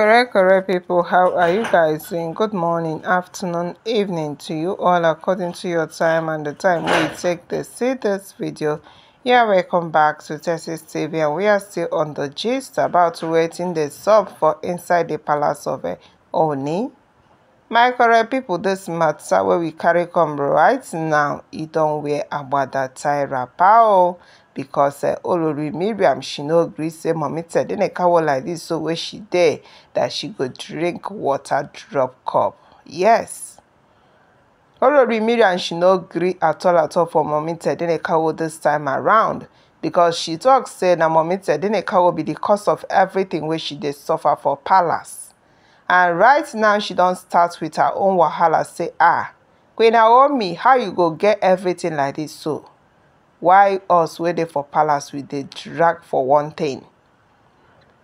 correct correct people how are you guys doing good morning afternoon evening to you all according to your time and the time we take to see this video yeah welcome back to texas tv and we are still on the gist about waiting the sub for inside the palace of eh, oni my correct people this matter where we carry come right now You don't wear about tie wrapper power. Oh. because eh, olori miriam she no agree. say mommy a kawo like this, so where she dey that she go drink water drop cup yes olori miriam she no agree at all at all for mommy tedine kawo dis time around because she tok say na mommy tedine will be the cause of everything where she did suffer for palace and right now she don't start with her own wahala say ah queen naomi how you go get everything like this so Why us wey dey for palace we dey drag for one thing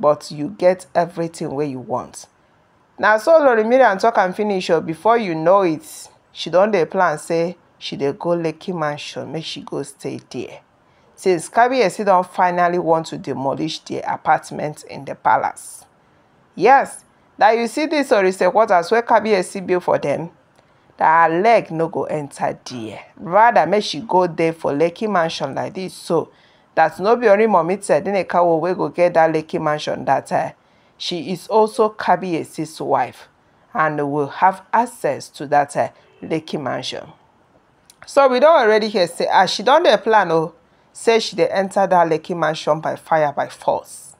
but you get everything wey you want na so lori mariam talk am finish o oh. before you know it she don dey plan say she dey go lekki mansion make she go stay there since kabiyesi don finally want to demolish di apartment in di palace yes na you see dis orisequarters wey kabiyesi build for dem that her leg no go enter there rather may she go there for lekki mansion like this. so that's no be only a nnekawo wey go get that lekki mansion That time eh, she is also kabiyesi's wife and will have access to that uh, lekki mansion so we don't already hear say as ah, she done the plan oh, say she dey enter that lekki mansion by fire by force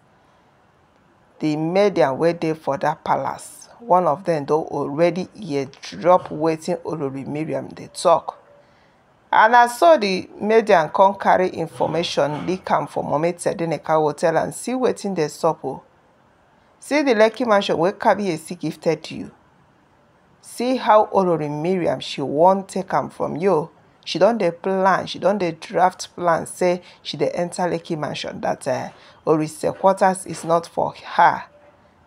made media way there for that palace one of them don already ear drop wetin olori mariam dey tok and na so the media come carry information leak am for mohammed sedeneka hotel and see wetin dey sup o oh. see the lekki mansion wey kabiyesi gifted you see how olori mariam she wan take am from you she don dey plan she don dey draft plan say she dey enter lekki mansion that uh, quarters is not for her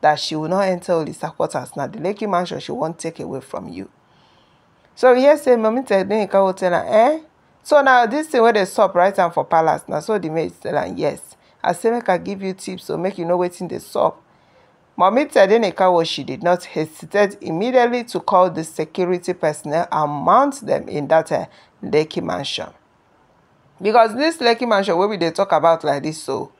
that she will not enter all Olisa quarters. Now, the lucky mansion she won't take away from you. So here say mommy Mami Teknika will tell her, eh? So now this thing where they stop right now for palace. Now so the maid tell her, yes. I say make I give you tips so make you know waiting they stop. Mami Teknika was she did not hesitate immediately to call the security personnel and mount them in that uh, eh, Lekki mansion. Because this Lekki mansion where we they talk about like this so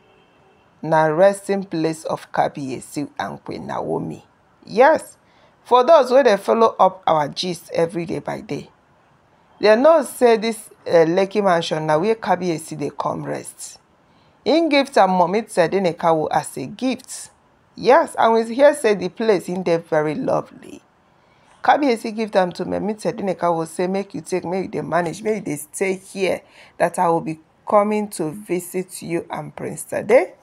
na resting place of Kabiyesi and Queen Naomi. Yes, for those where they follow up our gist every day by day, dem know say this uh, Lekki mansion na where Kabiyesi they come rest. Im gift am Mummy Tedinnekawo as a gift. Yes, and we here say the place in there very lovely. Kabiyesi give them to Mummy Tedinnekawo say make you take make you dey manage make you stay here that I will be coming to visit you and Prince today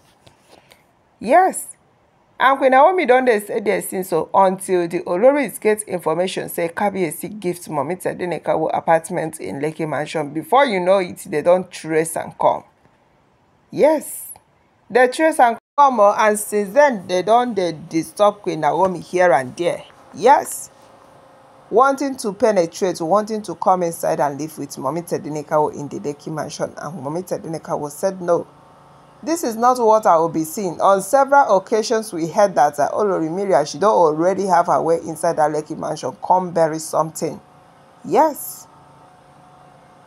yes and queen naomi Don't dey say there since so until the oloris get information say kabiyesi gifts mummy tadenikawo apartment in lekki mansion before you know it they don't trace and come yes they trace and come and since then they don't they disturb queen naomi here and there yes wanting to penetrate wanting to come inside and live with mummy tadenikawo in the lekki mansion and mummy tadenikawo said no This is not what I will be seeing. On several occasions, we heard that uh, Olorimi Riashido already have her way inside that Lekki mansion. Come bury something. Yes.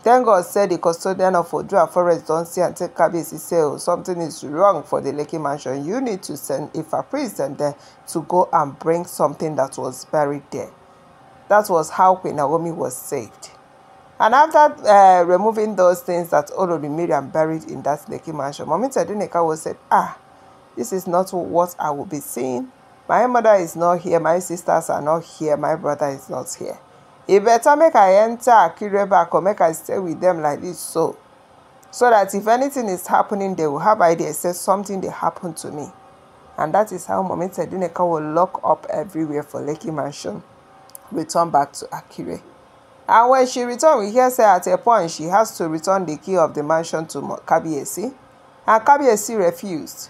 Then God said the custodian of Odua Forest don't see and take Kabiyesi say oh something is wrong for the Lekki mansion. You need to send Ifa priest and then to go and bring something that was buried there. That was how Queen Naomi was saved. And after uh, removing those things that already Miriam buried in that snaky mansion, Mommy Teduneka was said, Ah, this is not what I will be seeing. My mother is not here, my sisters are not here, my brother is not here. It better make I enter Akire back or make I stay with them like this so. So that if anything is happening, they will have idea, say something they happened to me. And that is how Mommy Teduneka will lock up everywhere for Lakey Mansion, return back to Akire. And when she returned we hear say at a point she has to return the key of the mansion to Kabiyesi and Kabiyesi refused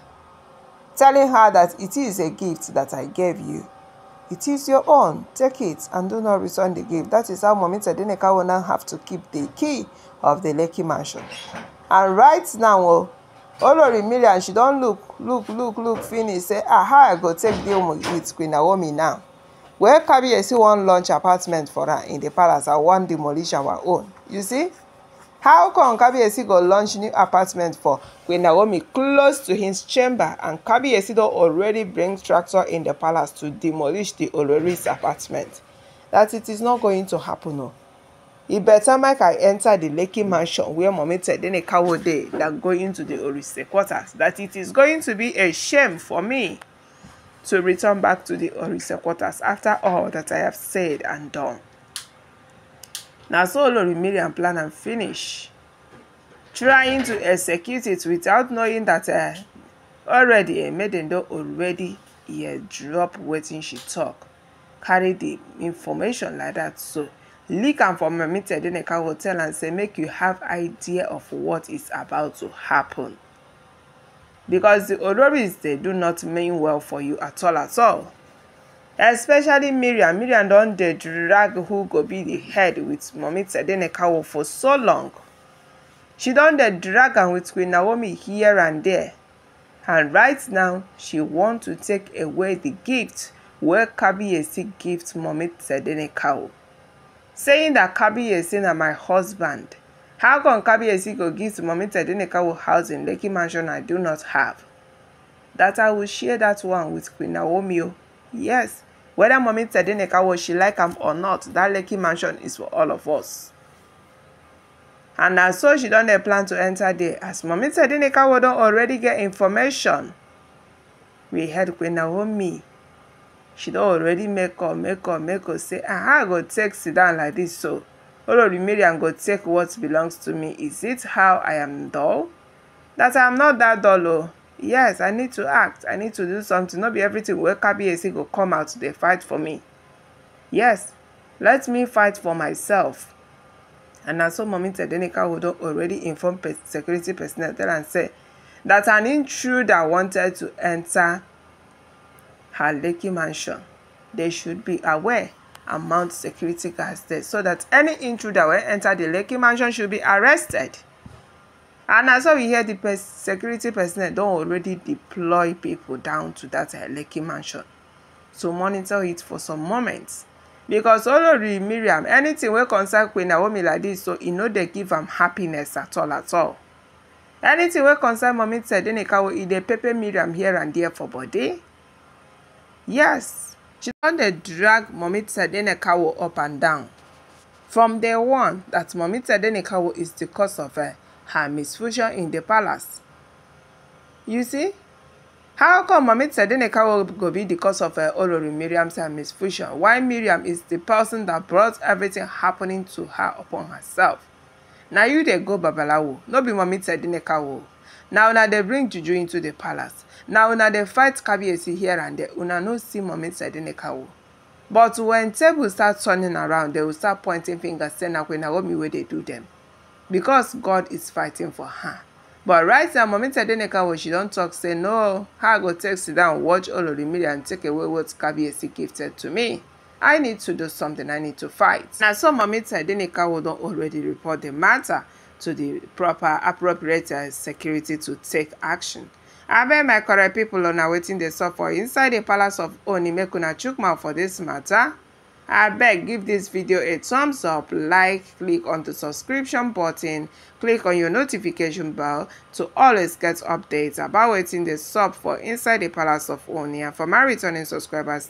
telling her that it is a gift that I gave you. It is your own. Take it and do not return the gift. That is how Mummy Tedinneka will now have to keep the key of the Lekki mansion. And right now, oh, Olori Mariam, she don't look, look, look, look, finish, say, ah, how I go take the with Queen Naomi now? wey kabiyesi wan launch apartment for am in di palace and wan demolish our own you see how come kabiyesi go launch new apartment for queen naomi close to his chamber and kabiyesi don already bring tractor in the palace to demolish the olori's apartment that it is not going to happen o e better make i enter the lekki mansion where mummy tedini kawo dey than going to the orise quarters that it is going to be a shame for me to return back to the Orisa quarters after all that I have said and done. Now, so Olori Mariam plan and finish, trying to execute it without knowing that uh, already Emedendo already ear drop waiting. she talk, carry the information like that so leak and for then Tedinika can tell and say make you have idea of what is about to happen because the oloris they do not mean well for you at all at all especially miriam miriam don dey drag who go be the head with mummy tedenekawo for so long she don dey drag and with queen naomi here and there and right now she want to take away the gift wey kabiyesi gives mummy tedenekawo saying that kabiyesi na my husband How come Kabiyesi go give to Mummy Tedinnekawo housing Lekki mansion I do not have? That I will share that one with Queen Naomi Yes, whether Mummy Tedinnekawo she like him or not, that Lekki mansion is for all of us. And na so she done dey plan to enter there as Mummy Tedinnekawo don already get information. We heard Queen Naomi. She don already make up, make up, make up say, ah, I go take sit down like this so you Olorumiri and God take what belongs to me. Is it how I am dull? That I am not that dull oh? Yes, I need to act. I need to do something. Not be everything wey Kabiyesi go come out to fight for me. Yes, let me fight for myself. And na so Mummy Tedinika would already inform security personnel tell am say that an intruder wanted to enter her Lekki mansion. They should be aware and mount security guards there so that any intruder wey enter the Lekki mansion should be arrested. And as we hear, the pers security personnel don't already deploy people down to that uh, Lekki mansion to monitor it for some moments. Because Olori Miriam, anything wey concern Queen Naomi like this, so you e know they give am happiness at all at all. anything wey concern Mummy Tedinika e dey pepper Mariam here and there for body. Yes, She don dey drag Mummy Tidenekawo up and down. From day one that Mummy Tidenekawo is the cause of uh, her misfortune in the palace. You see, how come Mummy Tidenekawo go be the cause of uh, Olori Mariam's uh, eh, misfortune? Why Miriam is the person that brought everything happening to her upon herself? Na you dey go babalawo, no be Mummy Tidenekawo. Now una dey bring juju into the palace now una dey fight kabiyesi here and there una no see mummy Sedeneka o but when table start turning around they will start pointing fingers say na queen naomi wey dey do dem because god is fighting for her but right now mummy Sedeneka wey she don talk say no how i go take sit down watch Olori and take away what kabiyesi gifted to me I need to do something. I need to fight. Now, some Mamita Adenikawo don't already report the matter to the proper appropriate uh, security to take action I abeg my correct people on wetin dey suffer inside the palace of oni make una chook mouth for dis mata abeg give this video a thumbs up like click on the subscription button click on your notification bell to always get updates about waiting the sub for inside the palace of oni and for my returning subscribers